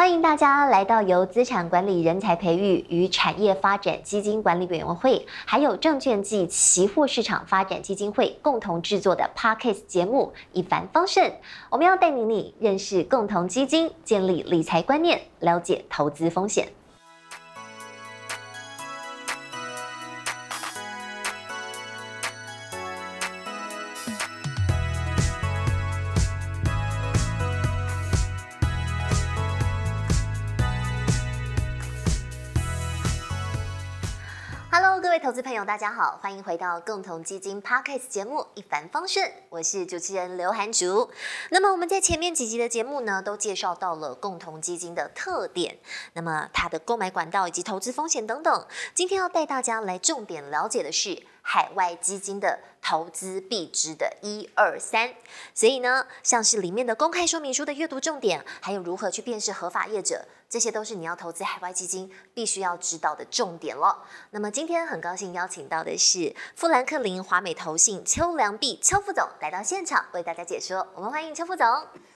歡迎大家來到由資產管理人才培育與產業發展基金管理委員會，還有證券及期貨市場發展基金會共同製作的 Podcast 節目《一帆風順》。我們要帶領你，你認識共同基金，建立理財觀念，了解投資風險。大家好，歡迎回到共同基金 Podcast 節目一帆風順，我是主持人劉涵竹。那麼我們在前面幾集的節目呢，都介紹到了共同基金的特點，那麼它的購買管道以及投資風險等等。今天要帶大家來重點了解的是。海外基金的投資必知的一二三，所以呢，像是裡面的公開說明書的閱讀重點，還有如何去辨識合法業者，這些都是你要投資海外基金必須要知道的重點了。那麼今天很高興邀請到的是富蘭克林華美投信邱良弼邱副總來到現場為大家解說，我們歡迎邱副總。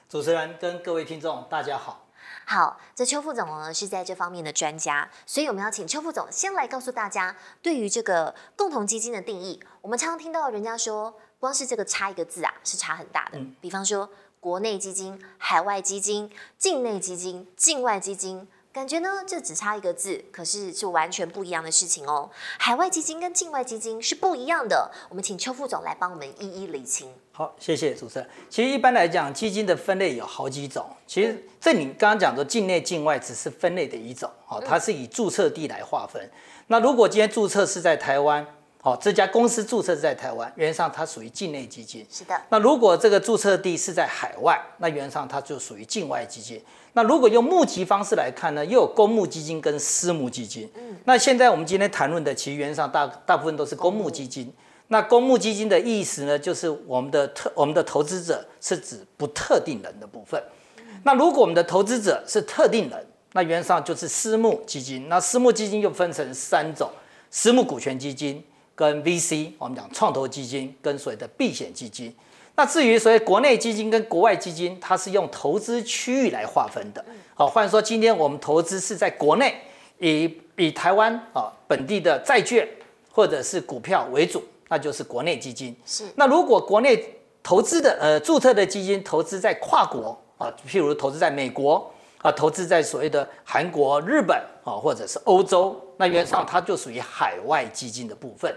主持人跟各位聽眾，大家好。好，這邱副總呢是在這方面的專家，所以我們要請邱副總先來告訴大家，對於這個共同基金的定義，我們常常聽到人家說，光是這個差一個字啊，是差很大的。嗯、比方說，國內基金、海外基金、境內基金、境外基金。感覺呢，這只差一個字，可是是完全不一樣的事情哦。海外基金跟境外基金是不一樣的。我們請邱副總來幫我們一一理清。好，謝謝主持人。其實一般來講，基金的分類有好幾種。其實、嗯、這裡剛剛講的境內、境外只是分類的一種，哦，它是以注冊地來劃分。嗯、那如果今天注冊是在台灣，哦，這家公司注冊是在台灣，原則上它屬於境內基金。是的。那如果這個注冊地是在海外，那原則上它就屬於境外基金。那如果用募集方式來看呢，又有公募基金跟私募基金。那現在我們今天談論的，其實原則上大大部分都是公募基金。那公募基金的意思呢，就是我們的特我們的投資者是指不特定人的部分。那如果我們的投資者是特定人，那原則上就是私募基金。那私募基金又分成三種：私募股權基金、跟 VC，我們講創投基金，跟所謂的避險基金。那至於所謂國內基金跟國外基金，它是用投資區域來劃分的。好、哦，換說，今天我們投資是在國內，以以台灣啊、哦、本地的債券或者是股票為主，那就是國內基金。是。那如果國內投資的呃註冊的基金投資在跨國啊、哦，譬如投資在美國啊，投資在所謂的韓國、日本啊、哦，或者是歐洲，那原則上它就屬於海外基金的部分。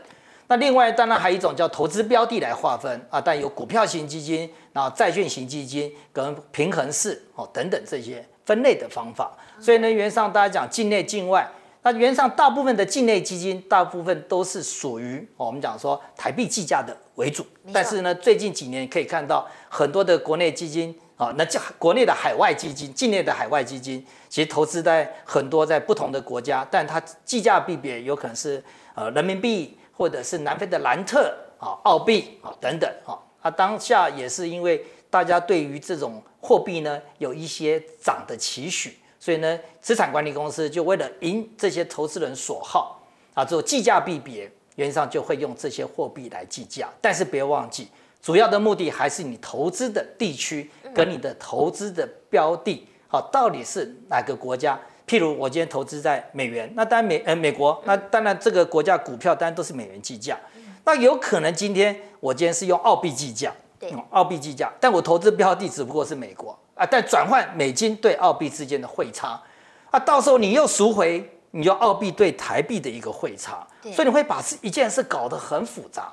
那另外當然還有一種叫投資標的來劃分啊，但有股票型基金、然後債券型基金跟平衡式哦等等這些分類的方法。所以呢，原上大家講境內、境外。那原上大部分的境內基金，大部分都是屬於我們講說台幣計價的為主。但是呢，最近幾年可以看到很多的國內基金啊，那叫國內的海外基金、境內的海外基金，其實投資在很多在不同的國家，但它計價幣別有可能是呃人民幣。或者是南非的蘭特啊、澳幣啊等等啊，當下也是因為大家對於這種貨幣呢有一些漲的期許，所以呢，資產管理公司就為了迎這些投資人所好啊，做計價幣別，原則上就會用這些貨幣來計價。但是別忘記，主要的目的還是你投資的地區跟你的投資的標的啊，到底是哪個國家。譬如我今天投資在美元，那當然美，呃，美國，那當然這個國家股票當然都是美元計價。嗯、那有可能今天我今天是用澳幣計價，對，澳幣計價，但我投資標的只不過是美國啊，但轉換美金對澳幣之間的匯差啊，到時候你又贖回，你用澳幣對台幣的一個匯差，對所以你會把這一件事搞得很複雜。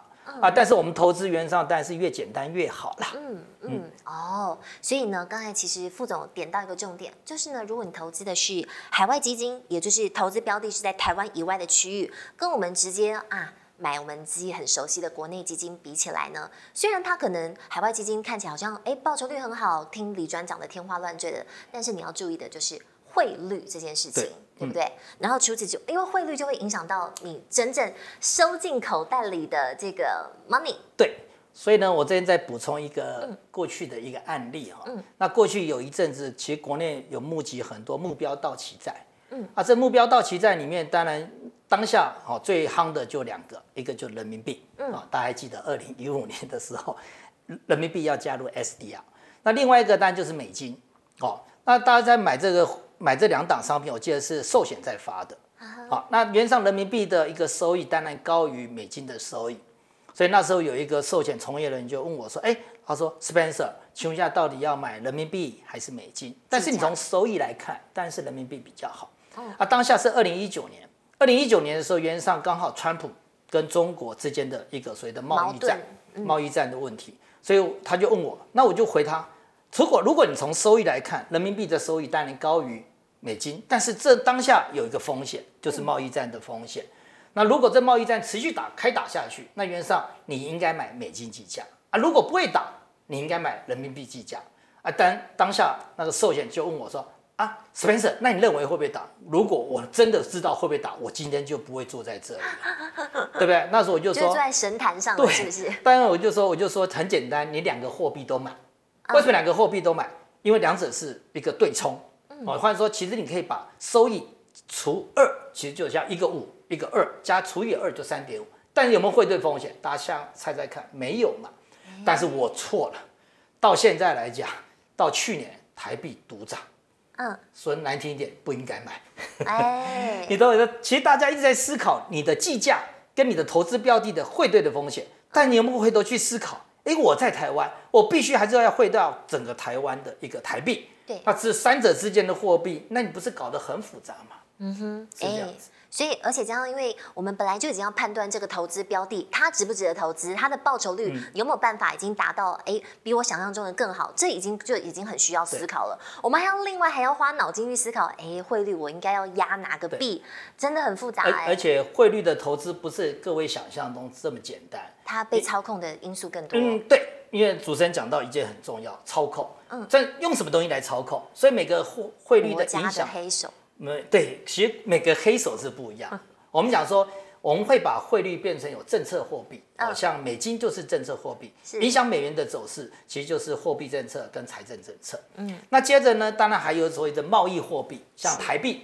啊，但是我們投資原則上當然是越簡單越好啦。嗯，嗯嗯哦，所以呢，剛才其實副總點到一個重點，就是呢，如果你投資的是海外基金，也就是投資標的是在台灣以外的區域，跟我們直接啊買我們自己很熟悉的國內基金比起來呢，雖然它可能海外基金看起來好像哎，欸，報酬率很好，聽理專講得天花亂墜的，但是你要注意的就是匯率這件事情。對不對？嗯、然後除此就因為匯率就會影響到你真正收進口袋裡的這個 money。對，所以呢，我這邊再補充一個、嗯、過去的一個案例哈。嗯。那過去有一陣子，其實國內有募集很多目標到期債。嗯。啊，這目標到期債裡面，當然當下哦最夯的就兩個，一個就人民幣。嗯。啊，大家還記得二零一五年的時候，人民幣要加入 SDR。那另外一個當然就是美金。哦。那大家在買這個。買這兩檔商品，我記得是壽險在發的。好、啊啊，那原上人民幣的一個收益當然高於美金的收益，所以那時候有一個壽險從業人就問我說：“哎、欸，他說，Spencer，請問一下到底要買人民幣還是美金？但是你從收益來看，當然是人民幣比較好。啊，當下是二零一九年，二零一九年的時候，原上剛好川普跟中國之間的一個所謂的貿易戰，貿易戰、嗯、貿易戰的問題，所以他就問我，那我就回他：如果如果你從收益來看，人民幣的收益當然高於。美金，但是這當下有一個風險，就是貿易戰的風險。嗯、那如果這貿易戰持續打開打下去，那原上你應該買美金計價啊。如果不會打，你應該買人民幣計價啊。當當下那個壽險就問我說啊，Spencer，那你認為會不會打？如果我真的知道會不會打，我今天就不會坐在這裡， 對不對？那時候我就說坐在神壇上，對，是不是？當然我就說，我就說很簡單，你兩個貨幣都買。為什麼兩個貨幣都買？因為兩者是一個對沖。哦，或說，其實你可以把收益除二，其實就像一個五，一個二加除以二就三點五，但有沒有匯兌風險？大家想猜猜看，沒有嘛？但是我錯了，到現在來講，到去年台幣獨漲，嗯，說難聽一點，不應該買。哎，你都有的，其實大家一直在思考你的計價跟你的投資標的的匯兌的風險，但你有沒有回頭去思考？因為我在台灣，我必須還是要匯到整個台灣的一個台幣。對，那是三者之間的貨幣，那你不是搞得很複雜嗎？嗯哼，是這樣子、欸。所以，而且這樣，因為我們本來就已經要判斷這個投資標的，它值不值得投資，它的報酬率有沒有辦法已經達到，哎、欸，比我想象中的更好，嗯、這已經就已經很需要思考了。對我們還要另外還要花腦筋去思考，哎、欸，匯率我應該要壓哪個幣，對真的很複雜、欸。而且匯率的投資不是各位想象中這麼簡單，欸、它被操控的因素更多、欸欸。嗯，對。因為主持人講到一件很重要，操控。嗯，這用什麼東西來操控？所以每個匯匯率的影響，國家的黑手。沒對，其實每個黑手是不一樣。嗯、我們講說，我們會把匯率變成有政策貨幣，嗯、哦，像美金就是政策貨幣，是影響美元的走勢，其實就是貨幣政策跟財政政策。嗯，那接着呢，當然還有所謂的貿易貨幣，像台幣，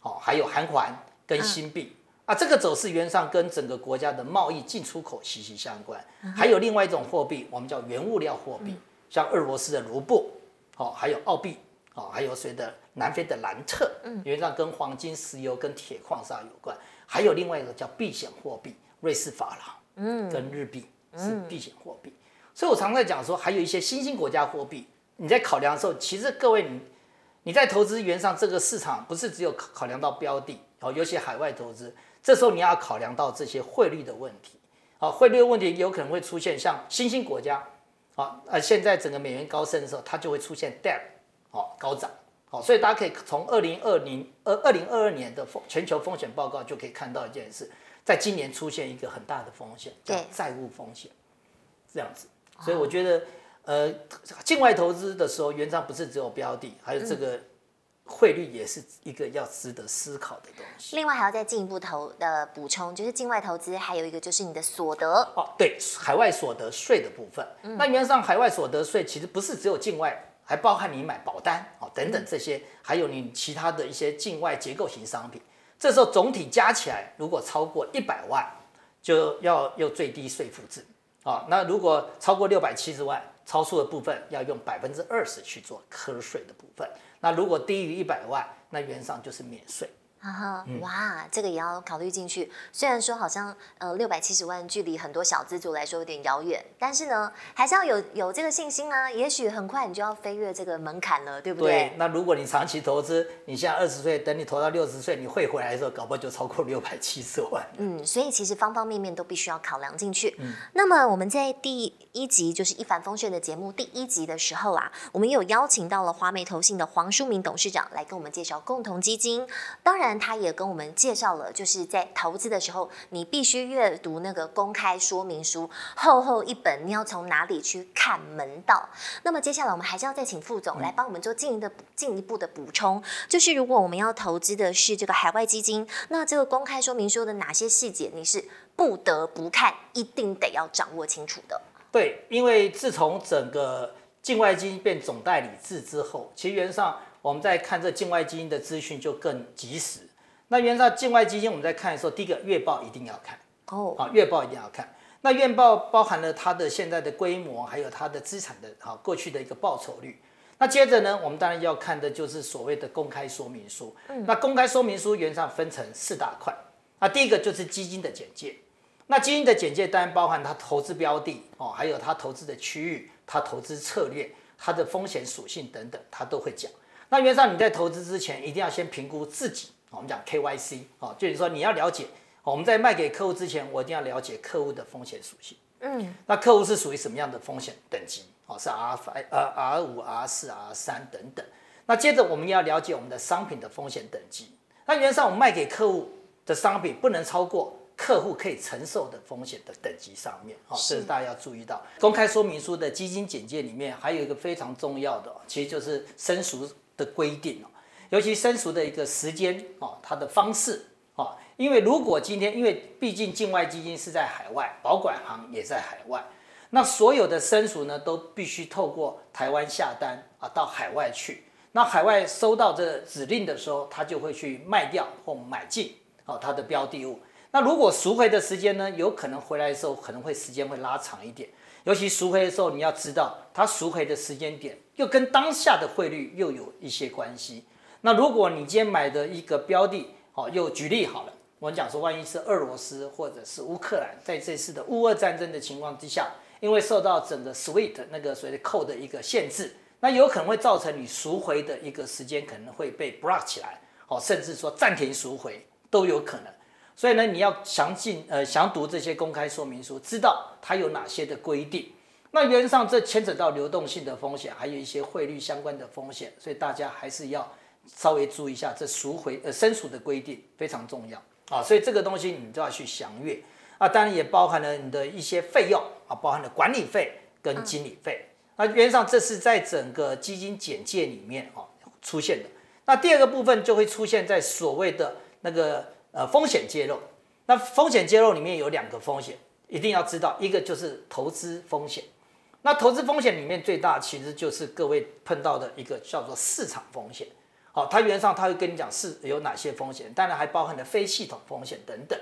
哦，還有韓元跟新幣。嗯啊，這個走勢原上跟整個國家的貿易進出口息息相關。還有另外一種貨幣，我們叫原物料貨幣，像俄羅斯的盧布，好、哦，還有澳幣，哦，還有誰的南非的蘭特，原上跟黃金、石油、跟鐵礦砂有關。還有另外一個叫避險貨幣，瑞士法郎，嗯，跟日幣是避險貨幣。所以我常在講說，還有一些新興國家貨幣，你在考量的時候，其實各位，你，你在投資原上這個市場，不是只有考量到標的，哦，有些海外投資。這時候你要考量到這些匯率的問題，好、啊，匯率的問題有可能會出現像新興國家，啊，現在整個美元高升的時候，它就會出現 debt 好、啊、高漲，好、啊，所以大家可以從二零二零二二零二二年的全球風險報告就可以看到一件事，在今年出現一個很大的風險，叫債務風險，對這樣子。所以我覺得，呃，境外投資的時候，原則上不是只有標的，還有這個。嗯匯率也是一個要值得思考的東西。另外還要再進一步投的補充，就是境外投資，還有一個就是你的所得哦，對，海外所得稅的部分。嗯、那原上海外所得稅其實不是只有境外，還包含你買保單啊、哦、等等這些，嗯、還有你其他的一些境外結構型商品。這時候總體加起來，如果超過一百萬，就要用最低稅負制。啊、哦，那如果超過六百七十萬。超出的部分要用百分之二十去做課稅的部分。那如果低於一百萬，那原則上就是免稅。嗯、啊哈，哇，這個也要考慮進去。雖然說好像呃六百七十萬距離很多小資族來說有點遙遠，但是呢，還是要有有這個信心啊。也許很快你就要飛越這個門檻了，對不對？對。那如果你長期投資，你現在二十歲，等你投到六十歲，你匯回來的時候，搞不好就超過六百七十萬。嗯，所以其實方方面面都必須要考量進去。嗯。那麼我們在第。一集就是一帆風順的節目，第一集的時候啊，我們有邀請到了華美投信的黃書明董事長來跟我們介紹共同基金。當然，他也跟我們介紹了，就是在投資的時候，你必須閱讀那個公開說明書，厚厚一本，你要從哪裡去看門道？那麼接下來我們還是要再請副總來幫我們做進一步的、嗯、進一步的補充，就是如果我們要投資的是這個海外基金，那這個公開說明書的哪些細節你是不得不看，一定得要掌握清楚的。對，因為自從整個境外基金變總代理制之後，其實原則上我們在看這境外基金的資訊就更及時。那原則上境外基金我們在看的時候，第一個，月報一定要看哦，月報一定要看。Oh. 月要看，那月報包含了它的現在的規模，還有它的資產的哈，過去的一個報酬率。那接着呢，我們當然要看的就是所謂的公開說明書。那公開說明書原則上分成四大塊。啊，第一個就是基金的簡介。那基金的簡介單包含它投資標的哦，還有它投資的區域、它投資策略、它的風險屬性等等，它都會講。那原則上你在投資之前，一定要先評估自己。哦、我們講 K Y C 哦，就是說你要了解、哦，我們在賣給客戶之前，我一定要了解客戶的風險屬性。嗯，那客戶是屬於什麼樣的風險等級？哦，是 R 五、R 四、R 三等等。那接着我們要了解我們的商品的風險等級。那原則上我們賣給客戶的商品不能超過。客戶可以承受的風險的等級上面啊，這是大家要注意到。公開說明書的基金簡介裡面還有一個非常重要的，其實就是申贖的規定，尤其申贖的一個時間、它的方式，因為如果今天，因為畢竟境外基金是在海外，保管行也在海外，那所有的申贖呢，都必須透過台灣下單啊，到海外去，那海外收到這個指令的時候，他就會去賣掉或買進它的標的物。那如果贖回的時間呢，有可能回來的時候可能會時間會拉長一點，尤其贖回的時候，你要知道它贖回的時間點又跟當下的匯率又有一些關係。那如果你今天買的一個標的，好，又舉例好了，我們講說，萬一是俄羅斯或者是烏克蘭，在這次的烏俄戰爭的情況之下，因為受到整個 SWIFT 那個所謂的扣的一個限制，那有可能會造成你贖回的一個時間可能會被 block 起來，好，甚至說暫停贖回都有可能。所以呢，你要詳盡呃詳讀這些公開說明書，知道它有哪些的規定。那原則上，這牽扯到流動性的風險，還有一些匯率相關的風險，所以大家還是要稍微注意一下這贖回呃申贖的規定非常重要啊。所以這個東西你就要去詳閱啊。當然也包含了你的一些費用啊，包含了管理費跟經理費。那、嗯啊、原則上，這是在整個基金簡介裡面啊出現的。那第二個部分就會出現在所謂的那個。呃，風險揭露，那風險揭露裡面有兩個風險，一定要知道，一個就是投資風險，那投資風險裡面最大其實就是各位碰到的一個叫做市場風險，好、哦，它原則上它會跟你講是有哪些風險，當然還包含了非系統風險等等，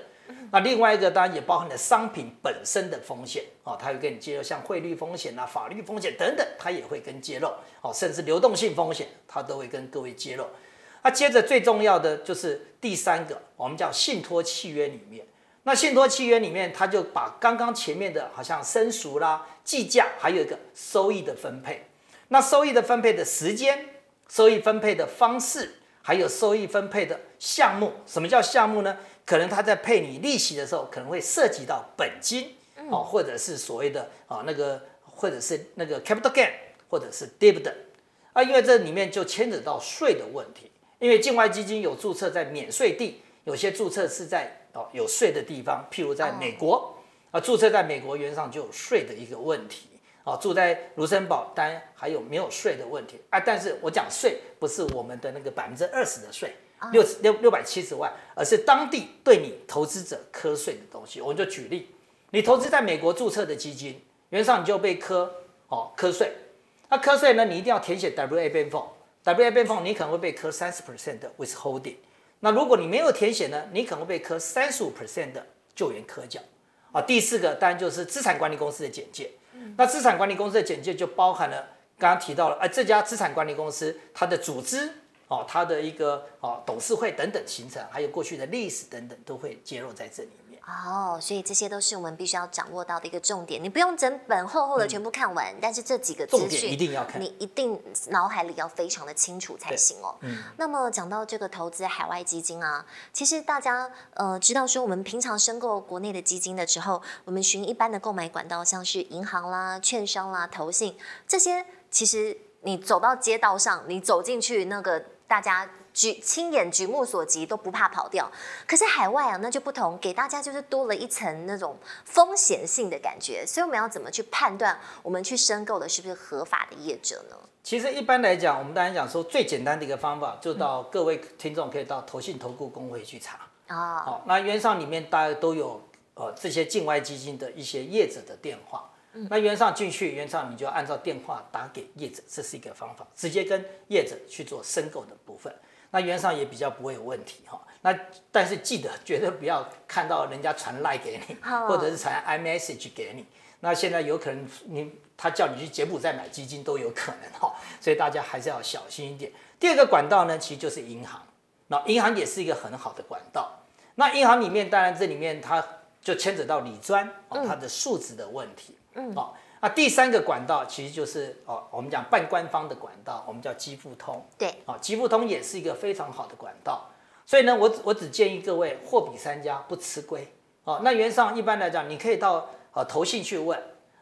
那另外一個當然也包含了商品本身的風險，哦、它會跟你揭露像匯率風險啊、法律風險等等，它也會跟揭露，哦、甚至流動性風險，它都會跟各位揭露。那、啊、接着最重要的就是第三個，我們叫信託契約裡面。那信託契約裡面，它就把剛剛前面的好像申贖啦、計價，還有一個收益的分配。那收益的分配的時間、收益分配的方式，還有收益分配的項目。什麼叫項目呢？可能它在配你利息的時候，可能會涉及到本金哦、啊，或者是所謂的啊那個，或者是那個 capital gain，或者是 dividend 啊，因為這裡面就牽扯到稅的問題。因為境外基金有註冊在免稅地，有些註冊是在哦有稅的地方，譬如在美國啊，哦、註冊在美國原上就有稅的一個問題啊、哦，住在盧森堡單還有沒有稅的問題啊。但是我講稅不是我們的那個百分之二十的稅，哦、六六六百七十萬，而是當地對你投資者課稅的東西。我們就舉例，你投資在美國註冊的基金，原上你就被課哦課稅，那課稅呢，你一定要填寫 w Ben f o W-8BEN form 你可能會被扣三十 percent 的 withholding，那如果你沒有填寫呢，你可能會被扣三十五 percent 的就源扣繳。啊，第四個當然就是資產管理公司的簡介。那資產管理公司的簡介就包含了剛剛提到了，啊，這家資產管理公司它的組織哦、啊，它的一個哦、啊、董事會等等形成，還有過去的歷史等等都會揭露在這裡。哦，oh, 所以這些都是我們必須要掌握到的一個重點，你不用整本厚厚的全部看完，嗯、但是這幾個資訊一定要看，你一定腦海裡要非常的清楚才行哦。嗯、那麼講到這個投資海外基金啊，其實大家呃知道說，我們平常申購國內的基金的時候，我們循一般的購買管道，像是銀行啦、券商啦、投信這些，其實你走到街道上，你走進去那個。大家舉親眼舉目所及都不怕跑掉，可是海外啊，那就不同，給大家就是多了一層那種風險性的感覺，所以我們要怎麼去判斷我們去申購的是不是合法的業者呢？其實一般來講，我們大家講說最簡單的一個方法，就到各位聽眾可以到投信投顧公會去查啊，好、嗯哦，那原上裡面大概都有呃這些境外基金的一些業者的電話。那原上進去，原上，你就要按照電話打給業者，這是一個方法，直接跟業者去做申購的部分。那原上也比較不會有問題哈。那但是記得，絕對不要看到人家傳賴、like、給你，哦、或者是傳 iMessage 給你。那現在有可能你他叫你去柬埔寨買基金都有可能哈，所以大家還是要小心一點。第二個管道呢，其實就是銀行。那銀行也是一個很好的管道。那銀行裡面，當然這裡面它就牽扯到理專它的數值的問題。嗯好，那、哦啊、第三個管道其實就是哦，我們講半官方的管道，我們叫基富通。對，好、哦，基富通也是一個非常好的管道。所以呢，我只我只建議各位貨比三家不，不吃虧。那原則上一般來講，你可以到，啊、投信去問，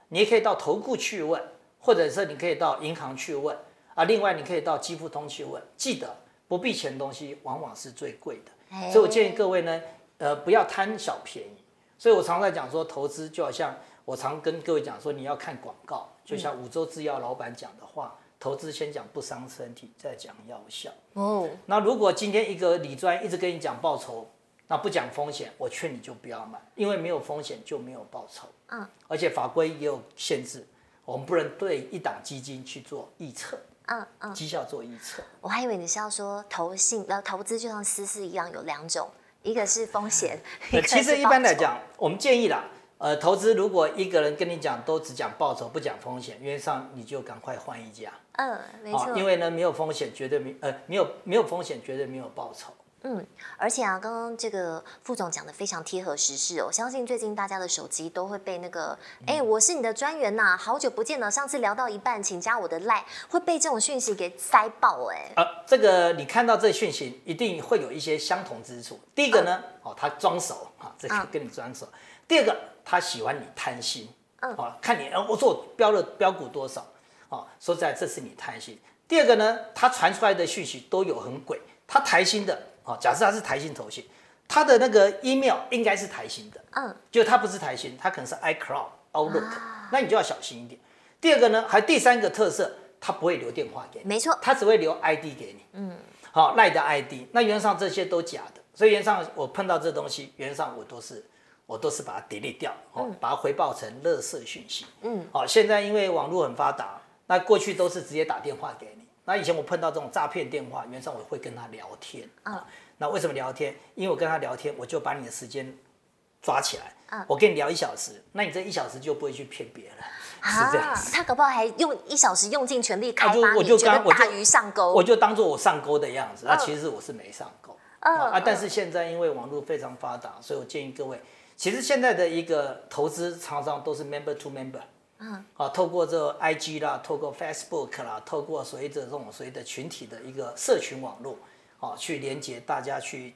你也可以到投顧去問，或者是你可以到銀行去問啊。另外，你可以到基富通去問。記得不必錢的東西往往是最貴的，所以我建議各位呢，呃，不要貪小便宜。所以我常在講說，投資就好像。我常跟各位講說，你要看廣告，就像五洲製藥老闆講的話，嗯、投資先講不傷身體，再講藥效。哦，那如果今天一個理專一直跟你講報酬，那不講風險，我勸你就不要買，因為沒有風險就沒有報酬。嗯、而且法規也有限制，我們不能對一檔基金去做預測、嗯。嗯嗯，績效做預測。我還以為你是要說投信呃，投資就像私事一樣，有兩種，一個是風險，嗯、一個是報酬，其實一般來講，我們建議啦。呃，投資如果一個人跟你講都只講報酬不講風險，原則上你就趕快換一家。嗯，沒錯。因為呢，沒有風險絕對沒呃沒有沒有風險絕對沒有報酬。嗯，而且啊，剛剛這個副總講的非常貼合時事哦，我相信最近大家的手機都會被那個，哎、欸，我是你的專員吶、啊，好久不見了，上次聊到一半，請加我的 line，會被這種訊息給塞爆哎、欸嗯呃。這個你看到這訊息一定會有一些相同之處。第一個呢，嗯、哦，他裝熟，啊，這個跟你裝熟。嗯、第二個。他喜歡你貪心，嗯、哦，看你，呃，我說我標了標股多少，啊、哦，說實在，這是你貪心。第二個呢，他傳出來的訊息都有很鬼，他台新的，啊、哦，假設他是台新投信，他的那個 email 應該是台新的，嗯，就他不是台新，他可能是 iCloud Outlook、啊、Outlook，那你就要小心一點。第二個呢，還有第三個特色，他不會留電話給你，沒錯，他只會留 id 給你，嗯，好，賴的 id，那原則上這些都假的，所以原則上我碰到這東西，原則上我都是。我都是把它 delete 掉，哦嗯、把它回報成垃圾訊息。嗯，好、哦，現在因為網絡很發達，那過去都是直接打電話給你。那以前我碰到這種詐騙電話，原則上我會跟他聊天。嗯、啊，那為什麼聊天？因為我跟他聊天，我就把你的時間抓起來。啊、嗯，我跟你聊一小時，那你這一小時就不會去騙別人。啊、是這樣子。他可不還用一小時用盡全力開嗎、啊？就大我就剛我上鈎，我就當做我上鈎的樣子。那其實我是沒上鈎。嗯嗯、啊，但是現在因為網絡非常發達，所以我建議各位。其實現在的一個投資常常都是 member to member，嗯，啊，透過這 I G 啦，透過 Facebook 啦，透過隨着這種所謂的群體的一個社群網絡，啊，去連接大家去。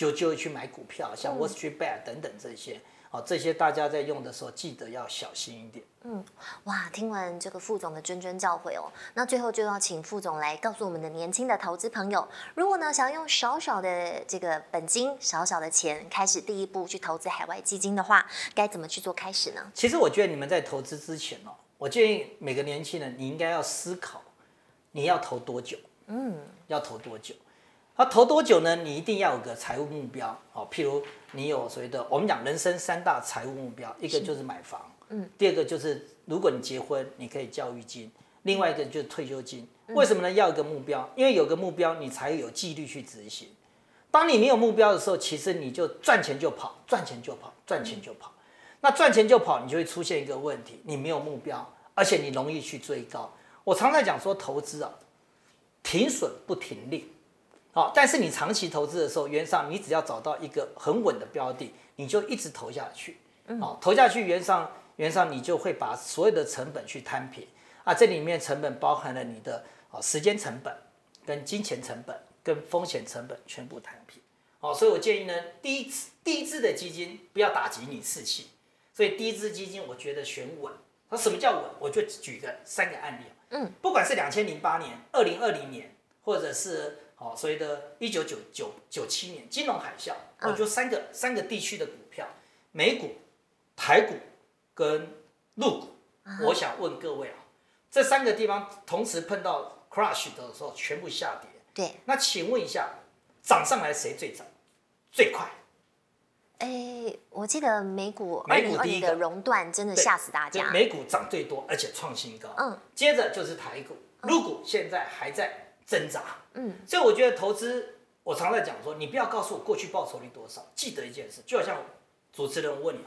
就就會去買股票，嗯、像 Wall Street Bets 等等這些，好、啊，這些大家在用的時候記得要小心一點。嗯，哇，聽完這個副總的諄諄教誨哦，那最後就要請副總來告訴我們的年輕的投資朋友，如果呢想要用少少的這個本金、少少的錢開始第一步去投資海外基金的話，該怎麼去做開始呢？其實我覺得你們在投資之前哦，我建議每個年輕人你應該要思考，你要投多久？嗯，要投多久？那投多久呢？你一定要有個財務目標，好，譬如你有所謂的我們講人生三大財務目標，一個就是買房，嗯、第二個就是如果你結婚，你可以教育金，另外一個就是退休金。嗯、為什麼呢？要有一個目標，因為有個目標，你才有紀律去執行。當你沒有目標的時候，其實你就賺錢就跑，賺錢就跑，賺錢就跑。嗯、那賺錢就跑，你就會出現一個問題，你沒有目標，而且你容易去追高。我常在講說，投資啊，停損不停利。好、哦，但是你長期投資的時候，原則上你只要找到一個很穩的標的，你就一直投下去。好、哦，投下去，原則上原則上你就會把所有的成本去攤平啊。這裡面成本包含了你的啊、哦、時間成本、跟金錢成本、跟風險成本全部攤平。好、哦，所以我建議呢，第一支的基金不要打擊你士氣，所以第一支基金我覺得選穩。它、啊、什麼叫穩？我就舉個三個案例。嗯，不管是兩千零八年、二零二零年，或者是。哦、所以呢，一九九九九七年金融海嘯，我、uh, 哦、就三個三個地區的股票，美股、台股跟陸股，uh huh. 我想問各位啊，這三個地方同時碰到 crash 的時候，全部下跌。對、uh。Huh. 那請問一下，漲上來誰最早、最快？哎、uh huh. 欸，我記得美股美股第一個熔斷真的嚇死大家。美股漲最多，而且創新高。嗯、uh。Huh. 接着就是台股、陸股，現在還在、uh。Huh. 掙扎，嗯，所以我覺得投資，我常在講說，你不要告訴我過去報酬率多少。記得一件事，就好像主持人問你。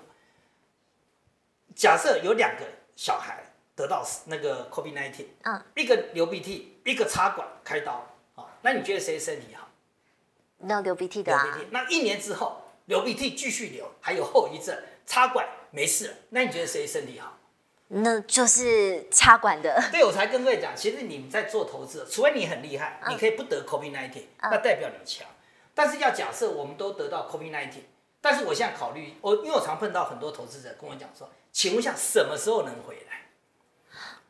假設有兩個小孩得到那個 COVID-19，嗯，一個流鼻涕，一個插管開刀，啊，那你覺得誰身體好？那流鼻涕的啊流鼻涕。那一年之後，流鼻涕繼續流，還有後遺症，插管沒事了，那你覺得誰身體好？那就是插管的。所以我才跟各位講，其實你們在做投資，除非你很厲害，啊、你可以不得 COVID 19。那代表你強。啊、但是要假設我們都得到 COVID 19。但是我現在考慮，我因為我常碰到很多投資者跟我講說，請問一下什麼時候能回來？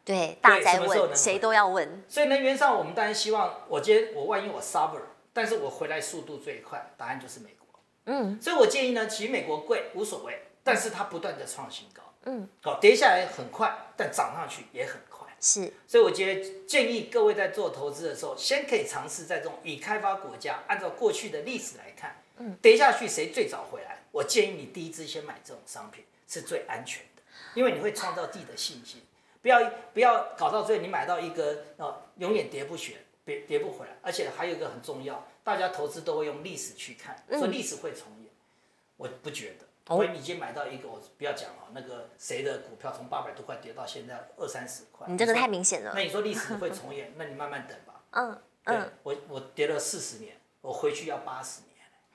對，對大家宅問，誰都要問。所以能源上，我們當然希望，我今天我萬一我 suffer，但是我回來速度最快，答案就是美國。嗯，所以我建議呢，其實美國貴無所謂，但是它不斷的創新高。嗯，好、哦，跌下來很快，但漲上去也很快。是，所以我覺得建議各位在做投資的時候，先可以嘗試在這種已開發國家，按照過去的歷史來看，嗯、跌下去誰最早回來？我建議你第一支先買這種商品，是最安全的，因為你會創造自己的信心。不要不要搞到最後，你買到一個啊、哦，永遠跌不旋，跌跌不回來。而且還有一個很重要，大家投資都會用歷史去看，所以歷史會重演，嗯、我不覺得。Oh? 所以你已經買到一個，我不要講了，那個誰的股票從八百多塊跌到現在二三十塊，你這個太明顯了。那你說歷史會重演， 那你慢慢等吧。嗯。Uh, uh. 對，我我跌了四十年，我回去要八十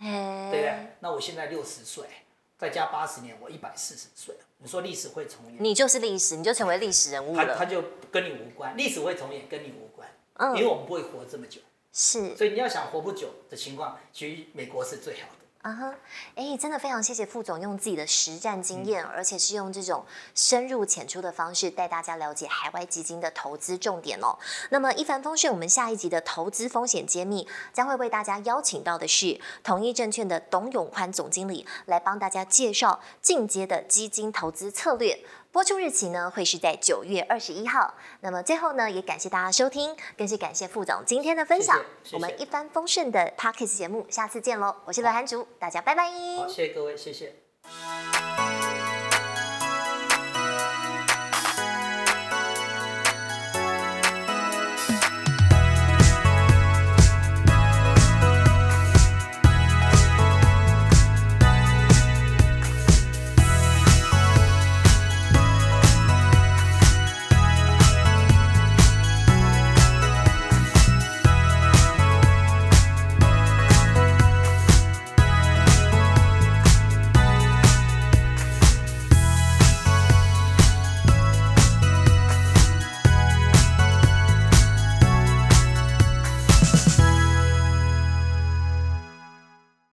年，對不 Hey. 對？那我現在六十歲，再加八十年，我一百四十歲。你說歷史會重演，你就是歷史，你就成為歷史人物了。他他就跟你無關，歷史會重演跟你無關。嗯。Uh. 因為我們不會活這麼久。是。所以你要想活不久的情況，其實美國是最好的。嗯哼，哎、uh huh.，真的非常謝謝副總用自己的實戰經驗，而且是用這種深入淺出的方式帶大家了解海外基金的投資重點哦。那麼一帆風順，我們下一集的投資風險揭秘將會為大家邀請到的是統一證券的董永寬總經理來幫大家介紹進階的基金投資策略。播出日期呢會是在九月二十一號。那麼最後呢，也感謝大家收聽，更是感謝副總今天的分享。謝謝謝謝我們一帆風順的 Podcast 節目，下次見嘍！我是羅寒竹，好大家拜拜。好，謝謝各位，謝謝。